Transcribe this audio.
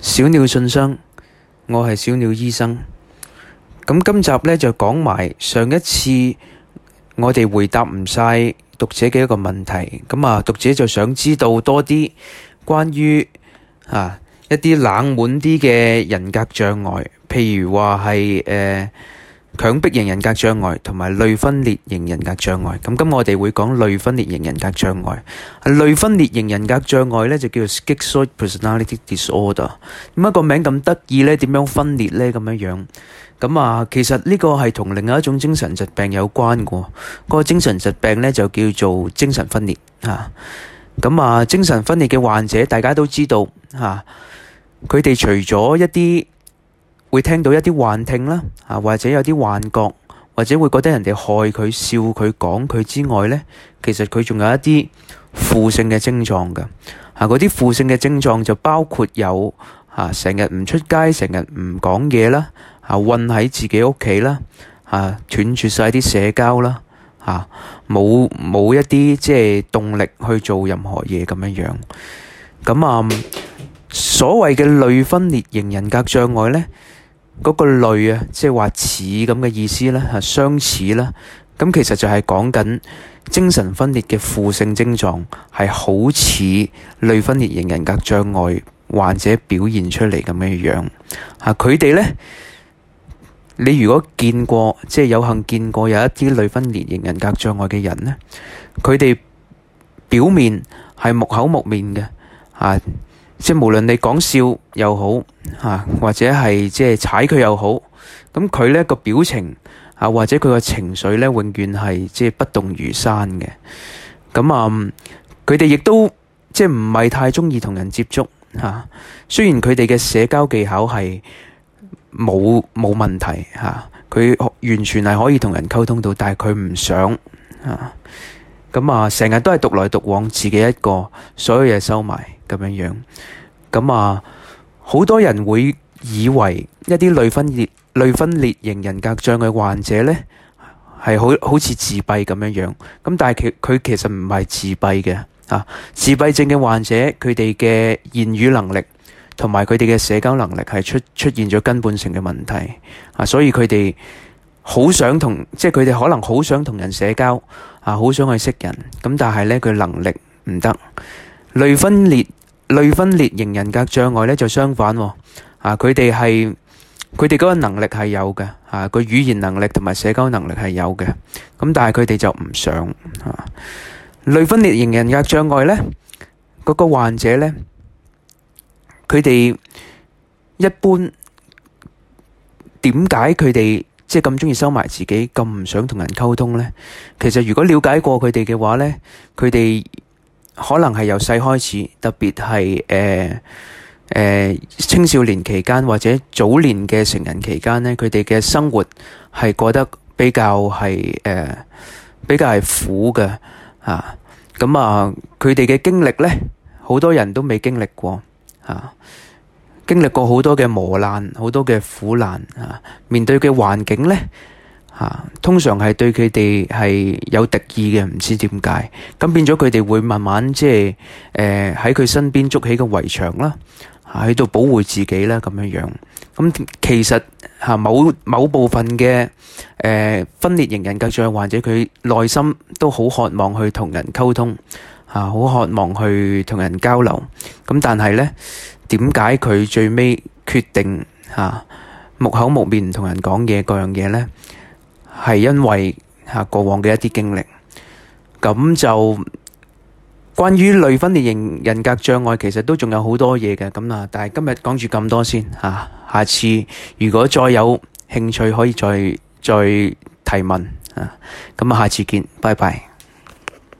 小鳥信箱，我係小鳥醫生。咁今集咧，就講埋上一次我哋回答唔晒讀者嘅一個問題。咁啊，讀者就想知道多啲關於啊一啲冷門啲嘅人格障礙，譬如話係誒。呃強迫型人格障礙同埋類分裂型人格障礙，咁今日我哋會講類分裂型人格障礙。類分裂型人格障礙咧就叫做 schizoid personality disorder。點解個名咁得意咧，點樣分裂咧咁樣樣？咁啊，其實呢個係同另外一種精神疾病有關嘅。個精神疾病咧就叫做精神分裂。吓，咁啊，精神分裂嘅患者，大家都知道，吓，佢哋除咗一啲。會聽到一啲幻聽啦，啊，或者有啲幻覺，或者會覺得人哋害佢笑佢講佢之外咧，其實佢仲有一啲負性嘅症狀嘅。啊，嗰啲負性嘅症狀就包括有啊，成日唔出街，成日唔講嘢啦，啊，困喺自己屋企啦，啊，斷絕晒啲社交啦，吓，冇冇一啲即係動力去做任何嘢咁樣樣。咁啊，嗯，所謂嘅類分裂型人格障礙咧。嗰個類啊，即係話似咁嘅意思咧，嚇相似啦。咁其實就係講緊精神分裂嘅負性症狀，係好似類分裂型人格障礙患者表現出嚟咁嘅樣。嚇佢哋咧，你如果見過，即係有幸見過有一啲類分裂型人格障礙嘅人咧，佢哋表面係木口木面嘅，嚇。即係無論你講笑又好，吓或者係即係踩佢又好，咁佢呢個表情啊或者佢個情緒呢，永遠係即係不動如山嘅。咁啊，佢哋亦都即係唔係太鍾意同人接觸吓。雖然佢哋嘅社交技巧係冇冇問題吓，佢完全係可以同人溝通到，但係佢唔想啊。咁啊，成日、嗯、都係獨來獨往，自己一個，所有嘢收埋咁樣樣。咁、嗯、啊，好、嗯、多人會以為一啲類分裂、類分裂型人格障嘅患者咧，係好好似自閉咁樣樣。咁但係佢佢其實唔係自閉嘅啊，自閉症嘅患者佢哋嘅言語能力同埋佢哋嘅社交能力係出出現咗根本性嘅問題啊，所以佢哋好想同，即係佢哋可能好想同人社交。啊，好想去識人，咁但係咧佢能力唔得。類分裂類分裂型人格障礙咧就相反喎，啊，佢哋係佢哋嗰個能力係有嘅，啊，個語言能力同埋社交能力係有嘅，咁但係佢哋就唔想。類分裂型人格障礙咧，嗰個患者咧，佢哋一般點解佢哋？即係咁鍾意收埋自己，咁唔想同人溝通咧。其實如果了解過佢哋嘅話咧，佢哋可能係由細開始，特別係誒誒青少年期間或者早年嘅成人期間咧，佢哋嘅生活係過得比較係誒比較係苦嘅㗎。咁啊，佢哋嘅經歷咧，好多人都未經歷過啊。經歷過好多嘅磨難，好多嘅苦難啊，面對嘅環境呢，吓、啊、通常係對佢哋係有敵意嘅，唔知點解，咁、啊、變咗佢哋會慢慢即係喺佢身邊築起個圍牆啦，喺、啊、度、啊、保護自己啦，咁、啊、樣樣。咁、啊、其實吓、啊、某某部分嘅誒、呃、分裂型人格障礙患者，佢內心都好渴望去同人溝通。啊，好渴望去同人交流，咁但係咧，點解佢最尾決定吓木口木面同人講嘢各樣嘢咧？係因為吓過往嘅一啲經歷，咁就關於類分裂型人格障礙，其實都仲有好多嘢嘅，咁啊，但係今日講住咁多先吓，下次如果再有興趣可以再再提問啊，咁啊，下次見，拜拜。